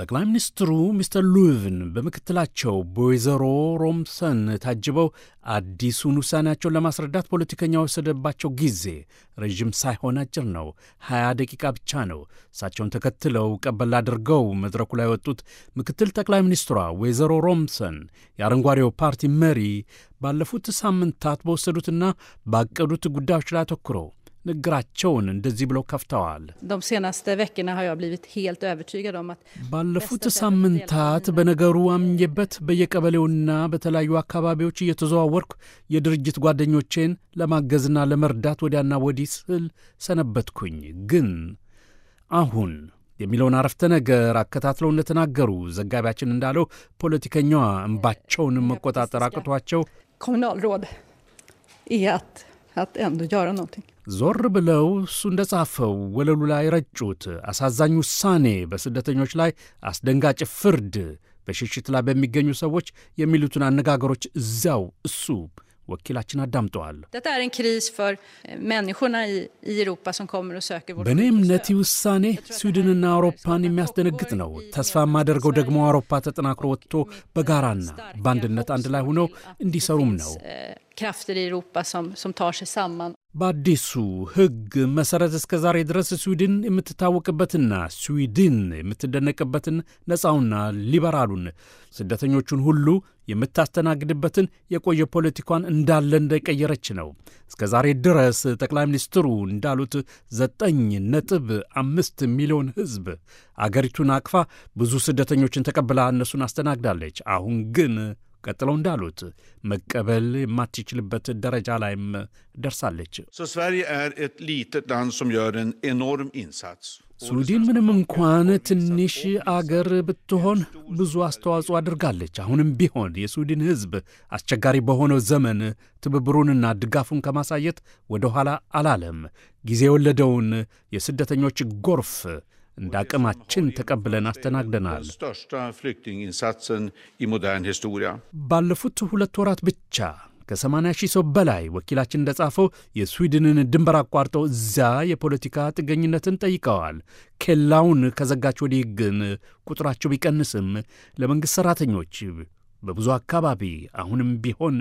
ጠቅላይ ሚኒስትሩ ሚስተር ሉቭን በምክትላቸው በወይዘሮ ሮምሰን ታጅበው አዲሱን ውሳኔያቸውን ለማስረዳት ፖለቲከኛ የወሰደባቸው ጊዜ ረዥም ሳይሆን አጭር ነው፣ ሀያ ደቂቃ ብቻ ነው። እሳቸውን ተከትለው ቀበል አድርገው መድረኩ ላይ ወጡት ምክትል ጠቅላይ ሚኒስትሯ ወይዘሮ ሮምሰን የአረንጓዴው ፓርቲ መሪ ባለፉት ሳምንታት በወሰዱትና ባቀዱት ጉዳዮች ላይ አተኩረው ንግራቸውን እንደዚህ ብለው ከፍተዋል። ባለፉት ሳምንታት በነገሩ አምኜበት በየቀበሌውና በተለያዩ አካባቢዎች እየተዘዋወርኩ የድርጅት ጓደኞቼን ለማገዝና ለመርዳት ወዲያና ወዲህ ስል ሰነበትኩኝ። ግን አሁን የሚለውን አረፍተ ነገር አከታትለው እንደተናገሩ ዘጋቢያችን እንዳለው ፖለቲከኛዋ እንባቸውን መቆጣጠር አቅቷቸው ዞር ብለው እሱ እንደ ጻፈው ወለሉ ላይ ረጩት። አሳዛኝ ውሳኔ በስደተኞች ላይ አስደንጋጭ ፍርድ በሽሽት ላይ በሚገኙ ሰዎች የሚሉትን አነጋገሮች እዚያው እሱ ወኪላችን አዳምጠዋል። በእኔ እምነት ውሳኔ ስዊድንና አውሮፓን የሚያስደነግጥ ነው። ተስፋ የማደርገው ደግሞ አውሮፓ ተጠናክሮ ወጥቶ በጋራና በአንድነት አንድ ላይ ሆነው እንዲሰሩም ነው። eh, krafter i Europa som, som tar sig samman በአዲሱ ህግ መሰረት እስከ ዛሬ ድረስ ስዊድን የምትታወቅበትና ስዊድን የምትደነቅበትን ነፃውና ሊበራሉን ስደተኞቹን ሁሉ የምታስተናግድበትን የቆየ ፖለቲኳን እንዳለ እንደቀየረች ነው። እስከ ዛሬ ድረስ ጠቅላይ ሚኒስትሩ እንዳሉት ዘጠኝ ነጥብ አምስት ሚሊዮን ህዝብ አገሪቱን አቅፋ ብዙ ስደተኞችን ተቀብላ እነሱን አስተናግዳለች። አሁን ግን ቀጥለው እንዳሉት መቀበል የማትችልበት ደረጃ ላይም ደርሳለች። ስዊድን ምንም እንኳን ትንሽ አገር ብትሆን ብዙ አስተዋጽኦ አድርጋለች። አሁንም ቢሆን የስዊድን ሕዝብ አስቸጋሪ በሆነው ዘመን ትብብሩንና ድጋፉን ከማሳየት ወደ ኋላ አላለም። ጊዜ የወለደውን የስደተኞች ጎርፍ እንደ አቅማችን ተቀብለን አስተናግደናል። ባለፉት ሁለት ወራት ብቻ ከ80 ሺህ ሰው በላይ ወኪላችን እንደጻፈው የስዊድንን ድንበር አቋርጠው እዚያ የፖለቲካ ጥገኝነትን ጠይቀዋል። ኬላውን ከዘጋች ወዲህ ግን ቁጥራቸው ቢቀንስም ለመንግሥት ሠራተኞች በብዙ አካባቢ አሁንም ቢሆን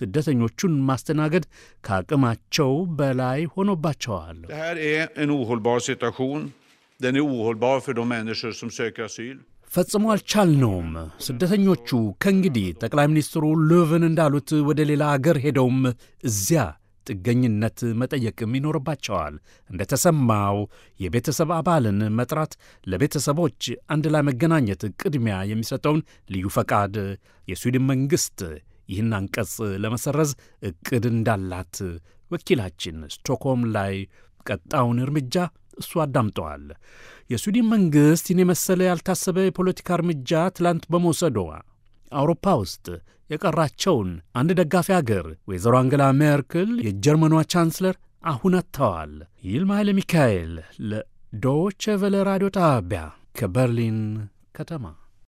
ስደተኞቹን ማስተናገድ ከአቅማቸው በላይ ሆኖባቸዋል። Den är ohållbar för de människor som söker asyl. ፈጽሞ አልቻልነውም። ስደተኞቹ ከእንግዲህ ጠቅላይ ሚኒስትሩ ሎቨን እንዳሉት ወደ ሌላ አገር ሄደውም እዚያ ጥገኝነት መጠየቅም ይኖርባቸዋል። እንደተሰማው የቤተሰብ አባልን መጥራት፣ ለቤተሰቦች አንድ ላይ መገናኘት ቅድሚያ የሚሰጠውን ልዩ ፈቃድ የስዊድን መንግሥት ይህን አንቀጽ ለመሰረዝ እቅድ እንዳላት ወኪላችን ስቶክሆልም ላይ ቀጣውን እርምጃ እሱ አዳምጠዋል። የስዊድን መንግሥት ይህን የመሰለ ያልታሰበ የፖለቲካ እርምጃ ትላንት በመውሰዷ አውሮፓ ውስጥ የቀራቸውን አንድ ደጋፊ አገር ወይዘሮ አንገላ ሜርክል የጀርመኗ ቻንስለር አሁን አጥተዋል። ይልማ ኃይለ ሚካኤል ለዶቼ ቬለ ራዲዮ ጣቢያ ከበርሊን ከተማ